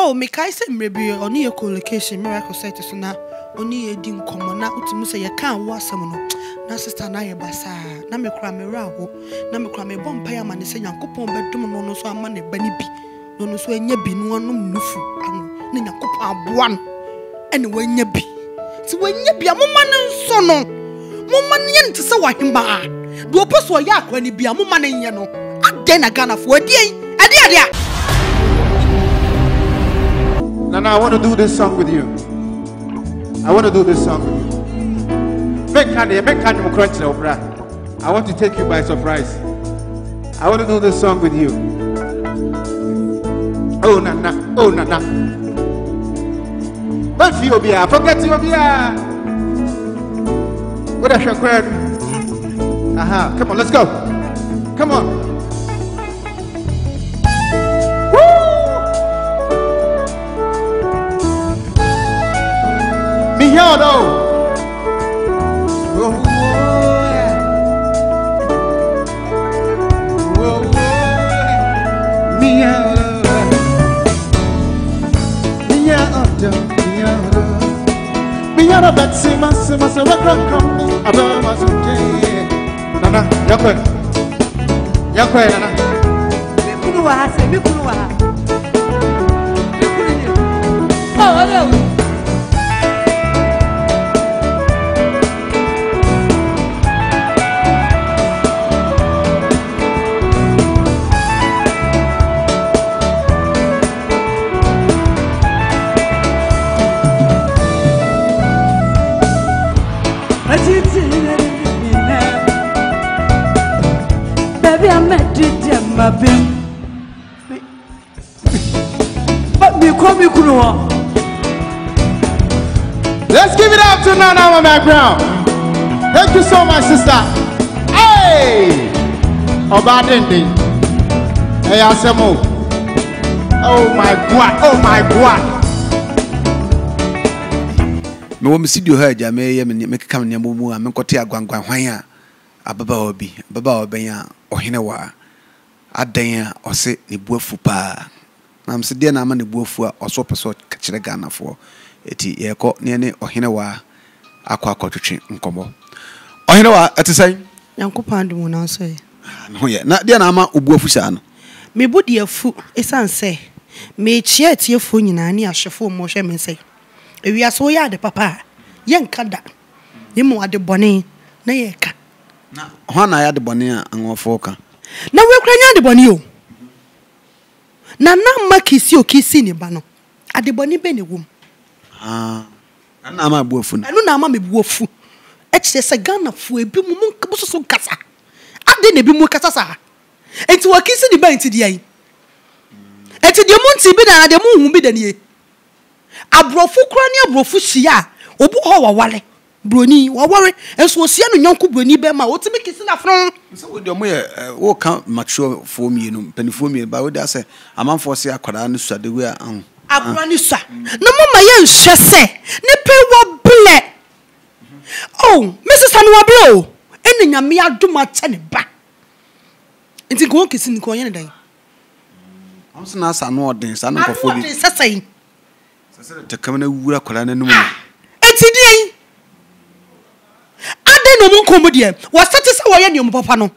Oh, mekae sɛ mmerɛ bi ɔne yɛ collocation miracle site so na ɔne yɛdi nkɔmmɔ na wotumi sɛ yɛkaa wo asɛm no na sista no ayɛ basaa na mekora mmerɛ awo na mekora mebɔ mpaeɛ ama ne sɛ nyankopɔn bɛdom no no so ama ne ba bi na ɔno so anya bi no anu nufu ano ne nyankopɔn aboa no ɛne wanya bi nti wanya bi a moma no nsɔ no moma no yɛ no te sɛ wahembaa deɛ so ɔyɛ akora no bi a moma no nyɛ no adɛn na ghanafoɔ adiɛ adiɛ adiɛ And I want to do this song with you. I want to do this song with you. Make candy, make candy, crunch opera. I want to take you by surprise. I want to do this song with you. Oh nana, oh nana. But for you, forget you, What a shock! Aha, come on, let's go. Come on. y'all know. Oh, yeah. Oh, yeah. Me out. Me out. Me out. Me out. But see, my see, my see, what can come? I don't want to take. Nana, you're quick. You're quick, Nana. Me kunuwa, me kunuwa. Me kunuwa. Oh, no. kafin mi komi kunu hɔ. Let's give it up to Nana on my ground. Thank you so much, sister. Hey! Ọba Dende. Ẹ asemo. Oh my God! Oh my God! mewɔ me studio hɔ agya meyɛ mekeka me nneɛma mu a menkɔte agwangwan hwan a ababaawa bi ababaawa obi a ɔhene wɔ adan a ɔse ne bu afu paa nam sɛ deɛ na ama ne bu afu a ɔso pɛ sɛ ɔkyerɛ ghanafoɔ ɛti yɛkɔ ne ne ɔhene waa akɔ akɔtwetwe nkɔmmɔ ɔhene waa ɛte sɛn nyankopɔn adom no ɛ ah, ne ho yɛ na deɛ na ama ɔbu afu saa no mebu de afu ɛsiane sɛ atiefoɔ nyinaa ne ahwɛfoɔ mmɔ hwɛ me nsɛ ewiase woyɛ ade papa a yɛnka da ne mu ade bɔne na yɛka na hɔ ade ka na wɔkura nyɛ adebɔne o na na mma kisi o kisi ne ba no adebɔne bɛ ne wom na ah, ama bu na. ɛno na ama mebu afu ɛkyerɛ sɛ fu ebi mu mo soso nkasa ade na ebi mu kasa saa eti wɔ kisi ne ba eti deɛ yi nti deɛ mu nti bi na deɛ mu hu bi da nie aborɔfo kura ne aborɔfo hyia a hɔ wɔ wale buroni wɔwɔre nso osie no nyɔnko buroni bɛma wotumi kisi n'afro. sɛ wode ɔmo yɛ wɔka maturefoɔ mmienu mpanimfoɔ mmienu ba wode asɛ amanfoɔ se akwadaa no suadewe a aho. abura ne sua na mo ma yɛ nhwɛ sɛ nipa wɔ blɛ o mesisa no wɔ blɛ o ɛna nyame adum akyɛ ne ba nti nka kisi nka wɔn yɛ ne dan. ɔmo sɛ na asa ano ɔden saa ne nkɔfoɔ bi ano ɔden sɛsɛ yi. sɛsɛ de tɛkɛm na wura akwadaa n'anim. a di yɛ na ɔmo nkɔn mu deɛ wɔsɛte sɛ wɔyɛ nea ɔmo papa no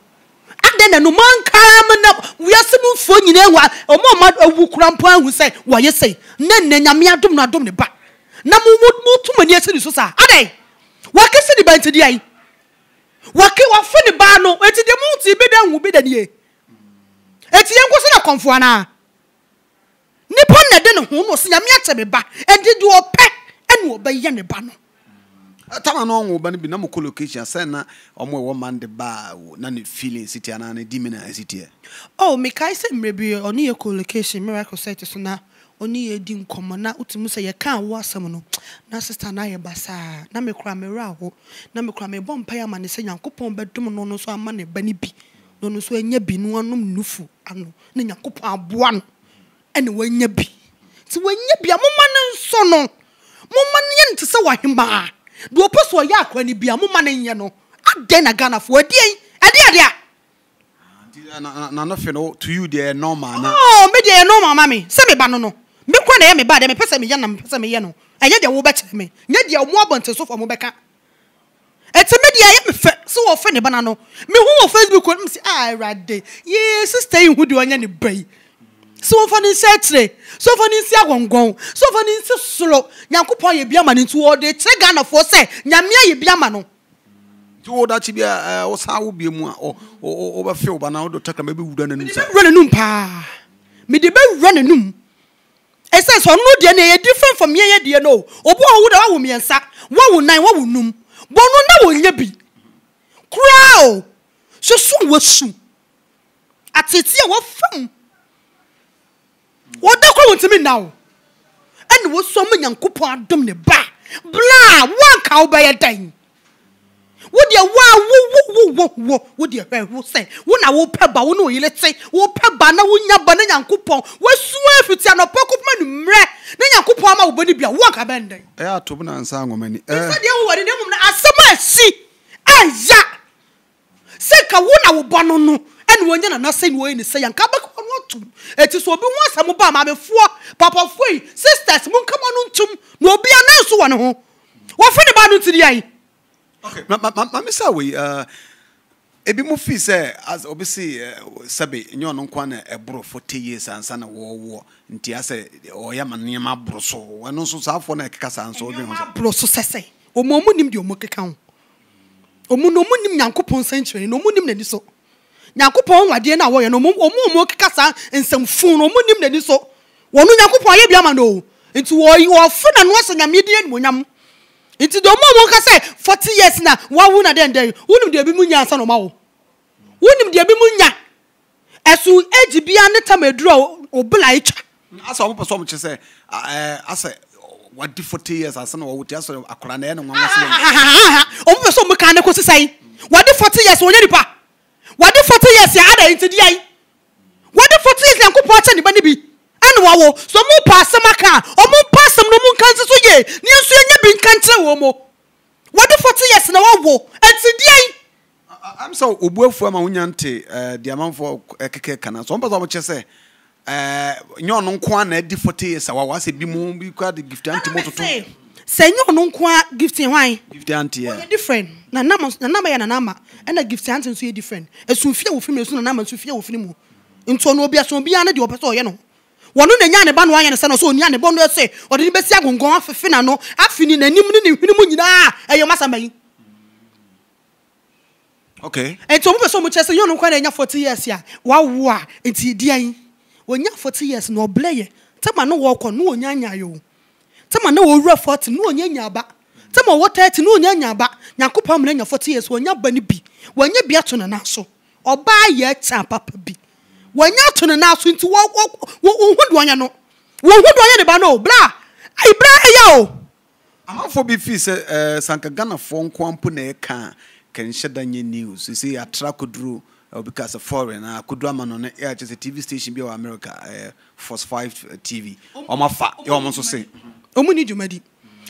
adɛn na no mankaa mu na wiase mu mfuo nyinaa wa ɔmo ɔmo awu kura mpo ahu sɛ wɔyɛ sɛ na nna nyame adom na adom ne ba na mo mo mo tum ani esi ne so saa adɛn wakese ne ba nti deɛ yi wake wafe ne ba no eti deɛ mo ti bi da nhu bi da nie eti yɛn nkosi na kɔnfo anaa nipa na de ne ho no si nyame akyɛ ne ba edi deɛ ɔpɛ ɛna ɔbɛyɛ ne ba no tama no ɔnwo ba no bi na mokɔ location sɛ na ɔmo ɛwɔ ma de baa na ne feeling siti anaa ne dimi na asitiɛ o mekae sɛ mmerɛ bi ɔne yɛ kɔ miracle site so na ɔne yɛ di nkɔmmɔ na wotumi sɛ yɛka wo asɛm no na sister no ayɛ basaa na mekora mmerɛ awo na mekora mebɔ mpaeɛ ama ne sɛ nyankopɔn bɛdom no no so ama ne ba no bi na ɔno so anya bi no anom nufu ano na nyankopɔn aboa no ɛne wanya bi nti wanya bi a moma no nsɔ no moma no yɛ no te sɛ wahemaa deɛ ɔpɛ so ɔyɛ akwani bia moma no nyɛ e e, e no adɛn na ghanafoɔ adiɛn ɛdeɛ deɛ nanafe no to you deɛ normal na oh me deɛ normal mami. me me ba no no me kwa na yɛ me ba deɛ me pɛ me yɛ na me pɛ sɛ me yɛ no ɛnyɛ deɛ wo bɛkyerɛ me nyɛ de ɔmo abɔnten so fɔ mo bɛka ɛti me deɛ yɛ me fɛ sɛ wɔfɛ ne ba na no me hu wɔ facebook kɔ ne mu sɛ ah awurade yee sista yi hu deɛ ɔnyɛ ne ba sɛ wɔmfa ne nsa akyire sɛ wɔmfa ne nsa agɔngɔn sɛ wɔmfa ne nsa soro nyankopɔn yɛ bi ama no nti wɔde kyerɛ ghanafoɔ sɛ nyame ayɛ bi ama no nti wɔdakye bi a eh, wɔsan wo bie mu a wobɛfe wo ba na wode takrama bɛwura n'anum sawura n'anum paa mede bɛwura n'anum ɛsɛ sɛ ɔno no deɛ no ɛyɛ different from yɛyɛ deɛ no obi wɔ wo da wawo mmiɛnsa wawo nan wawo num bɔno na wɔnyɛ bi koraa o soso wɔsu atete a wɔfam wɔda kora wɔntumi nna wo ɛne wɔsua ma nyankopɔn adom ne ba bla a woanka wobɛyɛ dan wodeɛ wo a wowowowowɔ wodeɛ hwɛ ho sɛ wo na wopɛ ba wo ne ɔyere te wopɛ ba na wonya ba ne nyankopɔn woasua afiti anɔpɔ kopoma no mmerɛ ne nyankopɔn ama wobɛne bia woanka bɛn dɛn ɛyɛ atom no ansa nwomani sɛdeɛ wowɔde ne mmom no asɛm asi ɛya sɛ ka wo na wobɔ no no ɛne wɔnya nanasɛ ne wɔyɛ ne sɛ yɛnka ntum eti so obi ho asɛm ba maamefoɔ papafoɔ yi sisters mu nkama no ntum na obi anan so wɔ ne ho wɔfe ne ba no tiri ayi. maame sa wei uh, ebi mu fi sɛ as obi si uh, sɛbi nye ɔno nkwa na ɛboro forty years ansa na wɔwɔ nti asɛ ɔyɛ ma nneɛma aboro so ɛno nso saa afɔ na ɛkeka saa nso ɔdwen ho sa. aboro so sɛsɛ ɔmo ɔmo nim deɛ ɔmo keka ho ɔmo na ɔmo nim nyankopɔn nsɛnkyerɛni na ɔmo nim n'ani so nyankopɔn wadeɛ no a wɔyɛ no ɔmu ɔmu keka saa nsɛmfu no ɔmu nim n'ani so wɔn no nyankopɔn ayɛ bi ama no nti wɔyi na no ɔsɛ nyame di animonyam nti deɛ ɔmu ɔmu ka sɛ forty years na wawu na dɛn dɛn wunim deɛ bi mu nya ansa na ɔma wo wunim deɛ bi mu nya ɛso egi bia ne tam eduro a obila etwa. asa ɔmu pɛ sɛ kye sɛ ɛɛ wadi forty years asa na wɔwɔ ti asɛ akora na ɛyɛ ne nwa nwa si yɛ. Ah, ah, ah, ɔmu pɛ sɛ ɔmu ne ko sisan yi wadi forty years wɔnyɛ nipa wɔde forty years yɛ ada nti deɛ yi wɔde forty years nyankopɔn akyɛ ne ba ne bi ɛna wɔwɔ so ɔmo pa asɛm aka a ɔmo pa asɛm no ɔmo nka nso so yie ne nso yɛ nye bi nka nkyerɛ wɔn mo wɔde forty years na wɔwɔ nti deɛ yi. am sɛ obu afu ama wonya nte eh, diamanfoɔ eh, keke kana so ɔmpɛ sɛ ɔmokyɛ sɛ eh, nyɛ ɔno nko a na adi forty years a wawɔ asɛ bi mu bi kora de gift ante sɛ nye ɔno nko a gifting hwan. gifting auntie. ɔyɛ different na nama na nama yɛ na nama ɛna gifting auntie nso yɛ different esun fie wofin mu esun na nama esun fie wofin mu nti ɔno obi aso obi ane deɛ ɔpɛ sɛ ɔyɛ no wɔn no na nya ne ba na wɔayɛ ne sɛ na ɔsɛ onia ne bɔ no ɛsɛ ɔde ne bɛsi agongɔn afefe na no afi ne n'anim ne ne nhwene mu nyinaa ɛyɛ masamba yi. okay. nti ɔmo pɛ sɛ ɔmo kyerɛ sɛ yɛ ɔno nkwa na ɛnya forty years a wawo a nti di anyi wɔnya forty years na ɔblɛ yɛ tɛma no wɔkɔ no wɔnya nya yɛ o tama na wɔwura 40 na ɔnyɛ nyaaba tama ɔwɔ 30 na ɔnyɛ nyaaba nyankopɔn mmerɛ nya 40 years wɔnya ba no bi wɔnyɛ bi ato ne nan so ɔbaa yɛ kyɛn papa bi wɔnyɛ ato ne nan so nti wɔhu de ɔnyɛ no wɔhu de ɔnyɛ ne ba no bra ayi bra ɛyɛ o. amanfoɔ bi fii sɛ ɛɛ eh, sanka ghanafoɔ nko ampo na ɛka kɛnhyɛ da nye news sisi atra koduro eh, obi ka sɛ foreign a koduro ama no ne ɛyɛ eh, akyɛ sɛ tv station bi wɔ america ɛɛ force five tv ɔmo afa ɛwɔ ɔmo nso se. Mm -hmm ɔmu ni dwumadi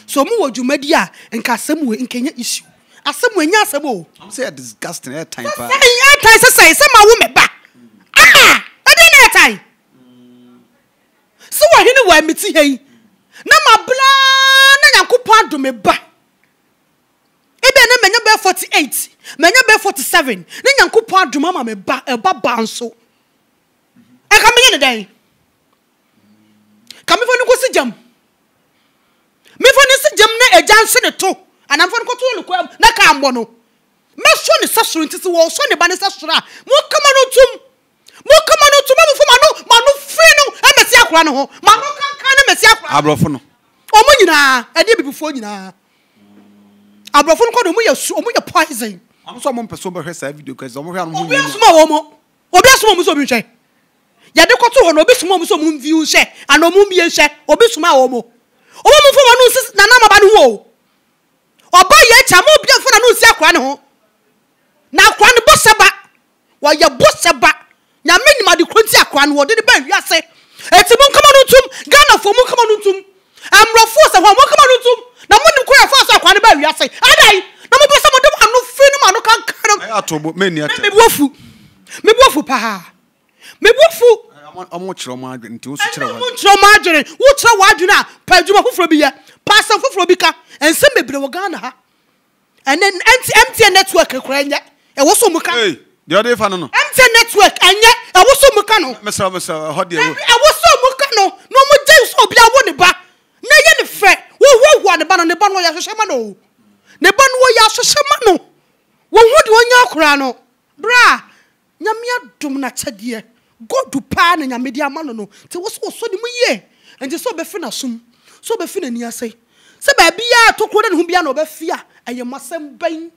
so ɔmu wɔ dwumadi a nka asɛm wɔ nkɛnyɛ issue asɛm wɔ nyɛ asɛm o. sɛ yɛ disgusting ɛyɛ tan paa. sɛ yɛ tan sɛsɛ sɛ maa wo mɛ ba aa ah, ɛdi na yɛ tan sɛ wɔ hene wɔ ɛmi ti yɛ yi na ma blaa na nyankopɔn adome ba ebi ne mɛnyɛ bɛyɛ forty eight mɛnyɛ bɛyɛ forty seven ne nyankopɔn adome ama mɛ ba ɛba e ba nso ɛka e mɛnyɛ ne dɛn kamefo ne ko si gyam sɛ gyam na agya nse ne to anamfo no kɔto ne kɔm na ka ambɔ no mɛsɔ ne sɛ soro nti sɛ wɔsɔ ne ba ne sɛ soro a monkama no tom monkama no tom amofo ma no ma no firi no amɛsi akora ne ho ma no kanka ne mɛsi akora aborɔfo no ɔmo nyinaa ɛdeɛ bibifoɔ nyinaa aborɔfo no kɔ no ɔmo yɛ su ɔmo yɛ poison ɔmo sɛ ɔmo mpɛ so bɛhwɛ saa video kɛse ɔmo hwɛ ano ho nyinaa obi asoma wɔ mo obi asoma ɔmo sɛ obi nhwɛ yɛde kɔto hɔ na obi soma ɔmo sɛ ɔmo mviw hyɛ ana ɔmo mmie ɔwɔ mu fɔ wɔn nu sisi nana amaba no wo ɔba yɛ akyi amu obi afɔ nanu si akora ne ho na akora ne bɔsɛ ba wɔyɛ bɔsɛ ba nyame nimadi kuro ti akora ne wɔde ne bɛn ase eti mu nkama no tum ghana fo mu nkama no tum amurɔfo sɛ wɔn mu nkama no tum na mu ni kuro yɛ fɔ asɔ akora ne bɛn ase ada yi na mo bɛ sɛ mo de mo ni ata mɛ ɔmokyerɛ mo adwene nti woso kyerɛ wokyerɛ mo adwene wokyerɛ w'adwene a pa adwuma foforɔ bi yɛ pa asɛm foforɔ bi ka ɛnsɛm bebree wɔ ghana ha ɛnɛ mtn network koraa nyɛ ɛwɔ so mu ka deɛ ɔde fa no no network ɛnyɛ ɛwɔ so mu ka no mesrɛ mesrɛ ɛhɔ deɛ ɛwɔ so mu ka no na ɔmo gye sɛ obi awo ne ba na ɛyɛ ne fɛ wɔhoahoa ne ba no ne ba no wɔyɛ ahyehyɛ ma no o ne ba no wɔyɛ ahyehyɛ ma no wɔn ho de wɔnyɛ akoraa no bra nyame adom n'akyɛdeɛ god paa na nyame de ama no no nti wo so so ne mu yie nti sɛ So be sɛ ɔbɛfi n'ani ase sɛ baabi a tokuro da ne ho bia na ɔbɛfi a ɛyɛ masɛm bɛn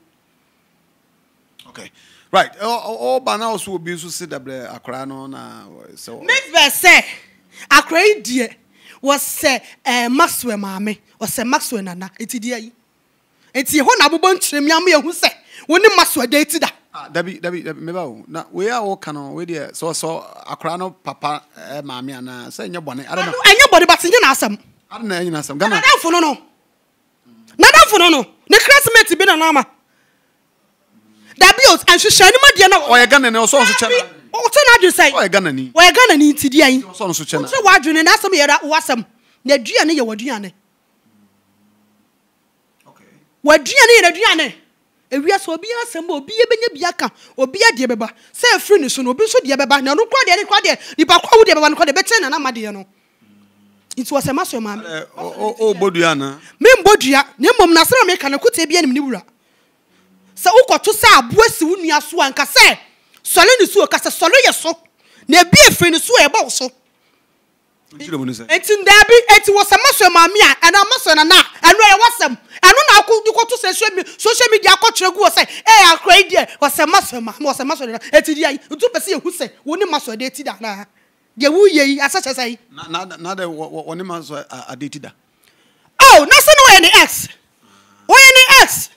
okay right ɔba na ɔso obi nso se dabrɛ akwaraa no na sɛ mesbɛ sɛ akwaraa yi deɛ wɔsɛ ɛɛ maxwell maame ɔsɛ maxwell nana eti deɛ yi eti hɔ na abobɔ nkyerɛmu ama yɛn ho sɛ wɔne maxwell da eti da. Ah, dabi dabi dabi meba o na wei a woka no wei deɛ sɛ sɛ akora no papa eh, maame anaa sɛ ɛnyɛ bɔne ɛnyɛ bɔne but nyɛ naasɛm ade na ɛnyɛ naasɛm ghana nadamfo no no nadamfo no no ne krasimate bi na no ama dabi o nhyehyɛ no ma deɛ na ɔyɛ ghana ni ɔsɔ nso kyɛ na ɔtɔ na adwene sɛ ɔyɛ ghana ni ɔyɛ ghana ni ti di ayi ɔsɔ nso na ɔtɔ w'adwene na asɛm yɛ w'asɛm na aduane yɛ w'aduane w'aduane yɛ w'aduane ewia sɛ obi asɛm obi ebenya bi aka obi adeɛ bɛba sɛ efiri ne so no obi nso deɛ bɛba na ɔno kora deɛ ne kora deɛ nipa kora awo deɛ bɛba no kora deɛ bɛtɛn na nama deɛ no nti wɔ sɛ ma sɔ maame. ɛ eh, o o bɔ dua na. mi n bɔ dua ne mbom na asɛm a mi ka no kuta ebi anim ne wura sɛ wokɔto sɛ aboa si wo nua so a nka sɛ sɔle ne so o ka sɛ sɔle yɛ so na ebi efiri ne so a ɛbɔ so. Eti ndaabi eti ma sɔ maame a ɛna ma sɔ nana ɛno ɛyɛ na akɔ dukɔto sɛ kyerɛ gu wɔ sɛ ɛyɛ akora yi deɛ wɔsɛ masɔ ma wɔsɛ masɔ de na eti di ayi ntu pɛ sɛ ehu sɛ wɔn ne masɔ de ti da na deɛ wɔn yɛ yi asɛ kyɛ sɛ yi. na na na de wɔ wɔn ne masɔ ade ti da. oh na sɛ ne wɔyɛ ne x wɔyɛ ne x.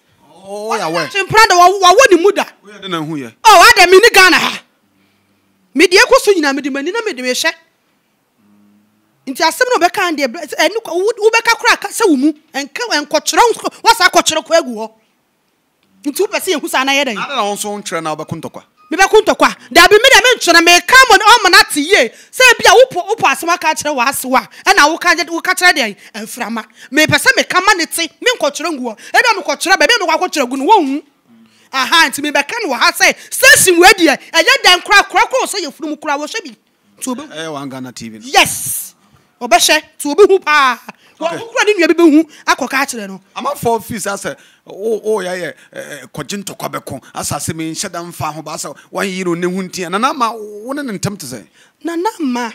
ɔyɛ awɛ mpira de wɔwɔ ne mu da. wɔyɛ de na hu yɛ. oh ada mi ni ghana ha mi deɛ kɔ so nyinaa mi de ma ni na mi de mi hyɛ nti asɛm na ɔbɛka deɛ ɛni wobɛka koraa sɛ wo mu nkɔkyerɛ wɔsa akɔkyerɛ kɔ agu hɔ nti wopɛ sɛ yɛhu saa na yɛ dɛn adɛ na wo nso ntwerɛ na wobɛko ntɔkwa mebɛko ntɔkwa daabi me dɛ mentwerɛ meka mɔ ɔma no ate yie sɛ bi a wopɔ wopɔ asɛm aka kyerɛ w'asew a ɛna woka kyerɛ deɛ mframa mepɛ sɛ meka ma ne te menkɔkyerɛ ngu hɔ ɛdɛ mekɔkyerɛ baabi a mekɔakɔkyerɛ gu no wɔnhu aha nti mebɛka no wɔ ha sɛ station wei deɛ ɛyɛ dɛn koraa koraa korɔ sɛ yɛfunu mu koraa wɔhwɛ bi nti wobɛhu yes ɔbɛhyɛ nti wobɛhu paa wɔkura ne nua bi bɛhu akɔ ka akyerɛ no amafo fees asɛ woyɛyɛ kɔgye ntɔkwa bɛko asase me nhyɛ da mfa ho baasɛ woayeyi no ɔnɛhu ntia nana ma wo ne ne ntɛm te sɛ nana ma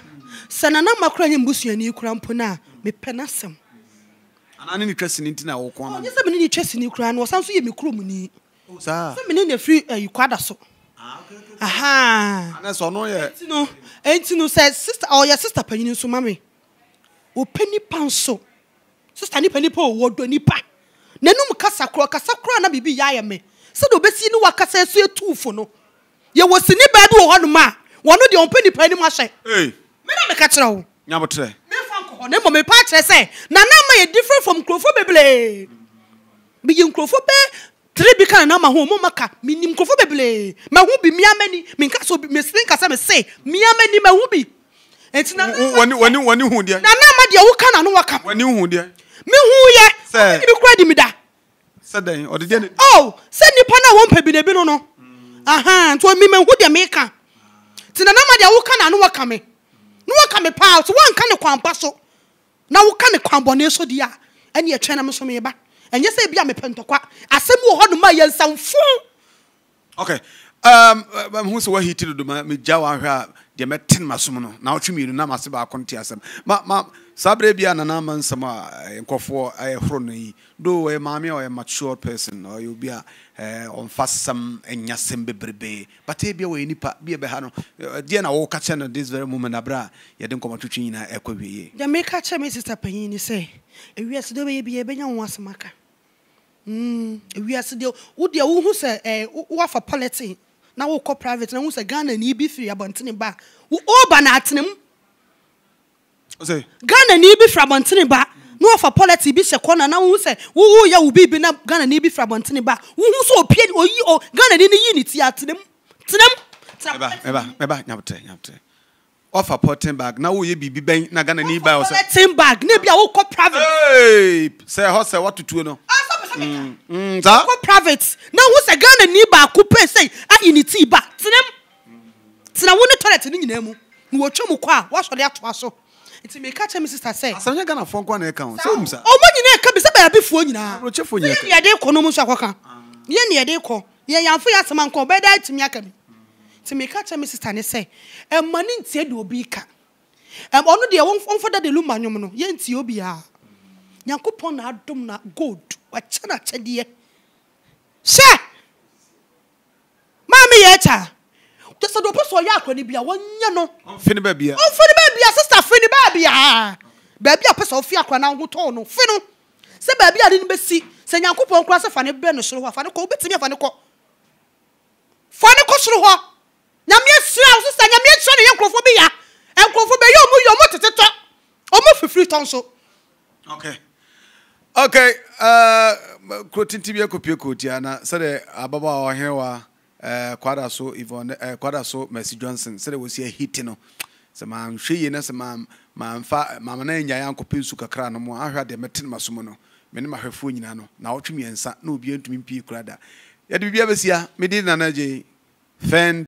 sɛ nana ma kora nyɛ mbusuani kora mpo no a mepɛ no asɛm ne ne twa sini nti na wokɔ no nyɛ sɛ mene ne twa sini koraa no ɔsan so yɛ me kurom ni oh, sɛ mene ne firi ayi kwada so ah, aha anɛsɛ ɔno yɛ ɛnti no sɛ sister ɔyɛ sister panyini nso ma me ɔpɛ sista nipa nipa owó do nipa n'anum kasa korɔ kasa korɔ na bibi yɛ ayɛ mɛ sɛdeɛ obesi ne wakasa nso etu fo no yɛwɔ sini baa bi wɔ hɔnom a wɔn deɛ ɔmpɛ nipa anim ahyɛ mena meka kyerɛ wo nyabotrɛ mefa nkɔ hɔ na mmom mepa akyerɛ sɛ nana ma yɛ different from nkurɔfoɔ bebree meyɛ nkurɔfoɔ bɛɛ tiri bi ka nana ma ho ɔmo ma ka menim nkurɔfoɔ bebree mahu bi mmea mani menka so bi mesiri nkasa me se mmea mani mahu bi nti nana ma deɛ woka na no waka wani hu mehu yɛ bi kora di mi da sɛdɛn ɔde deɛ ne. ɔ sɛ nipa naa wɔn mpɛ bi na ebi no no ahan nti omi mehu deɛ meka ti nana ma deɛ woka na ano waka me no waka me paa so wanka ne kwan pa so na woka ne kwan bɔne so deɛ a ɛne ɛtwɛn na me so meba ɛnyɛ sɛ ebi a mepɛ ntɔkwa asɛm wɔ hɔ nom a yɛ nsamfo. okay um, um hu sɛ wahiti dodo ma megya wahwɛ a deɛ mɛtene masom no na wotwe mmienu na mase baako nte asɛm ma ma saa berɛ bi a nana ama nsɛm a eh, nkɔfoɔ ɛyɛ eh, horo no yi do ɔyɛ eh, maame a ɔyɛ mature person ɔyɛ obi a ɔmfa sɛm ɛnya sɛm bebrebee bata bia wɔyɛ nipa bia bɛha no deɛ na wɔwoka kyɛ no this very moment aberɛ a yɛde nkɔmmɔtwitwi nyinaa ɛkɔ wieie deɛ meka kyerɛ me sister panyin ne sɛ ewiase deɛ wobɛyɛ bia yɛbɛnya wo asɛm aka hmm, ewiase deɛ wodeɛ wohu sɛ woafa polity na wokɔ private na wohu sɛ ghana ni bi firi abɔntene ba wo ɔba no atenam ghana ni bi fira abɔntene ba na wɔfa pɔlɛti bi hyɛ kɔna na wohu sɛ wowu ya ubi bi na ghana ni bi fira abɔntene ba wohu so opie oyi o ghana ni ne yi ne tia tenam tenam. mɛba mɛba mɛba nyabutrɛ nyabutrɛ ɔfa porting bag na woyɛ biribi bɛn na ghana ni ba wɔ sɛ. pɔlɛtin bag ne bi a wokɔ private. sɛ ɛhɔ sɛ watutuo no. Ah, mm, mm, saa. wokɔ private na wohu se ghana ni baako pɛ a ayi ne tii ba tenam tena wo ne toilet ni nyinaa mu na wɔtwa mu kɔ a wɔasɔre atoa so nti meka kyerɛ me sister sɛ asɛmhyɛ ghanafoɔ nkɔ na ɛka ho sɛ wom sa ɔma nyinaa ɛka bi sɛ baabifoɔ nyinaakyɛfoɔ nyɛyɛ neɛde kɔ no mu so akɔka ah. yɛ neɛde kɔ yɛyamfo yɛ asɛm ankɔ ɔbɛda atumi aka bi nti meka kyerɛ me sister ne sɛ ɛma ne ntie de obi ka ɔno deɛ ɔmfa da de luma nwom no yɛntie obiaa nyankopɔn na adom na gold wakyɛ no akyɛdeɛ hyɛ maa meyɛ akyaa te sɛ deɛ ɔpɛ sɛ ɔyɛ akɔni bia wɔnyɛ no ɔmfini baabia ɔmfini baabia sista fini baabia baabi a ɔpɛ sɛ ɔfi akɔni na ahotɔn no fi no sɛ baabi a ne bɛsi sɛ nyankopɔn kora sɛ fa ne brɛ no soro hɔ fani ne kɔ wobɛtumi afa ne kɔ fa ne kɔ soro hɔ nyameɛ sua wo sista nyameɛ sua ne yɛ nkurɔfoɔ bi ya nkurɔfoɔ bɛyɛ ɔmu yɛ ɔmu tete tɔ ɔmu fifiri tɔ nso okay okay uh, kuro tenten bi akɔpie kootia na sɛdeɛ ababaawa ɔhewa Eh, kwada so yvonne eh, kwada so mercy johnson sɛdeɛ wɔsi ahiti no sɛ manhwɛ yie na sɛ mamfa mama na anyaeɛ ankɔpɛ nsu kakra no mu a de adeɛ masumo no maso mu no me ne mahwɛfoɔ nyinaa no na wɔtwe mmiɛnsa na obiara ntumi mpie kora da yɛde biribia bɛsia mede nana gye fɛn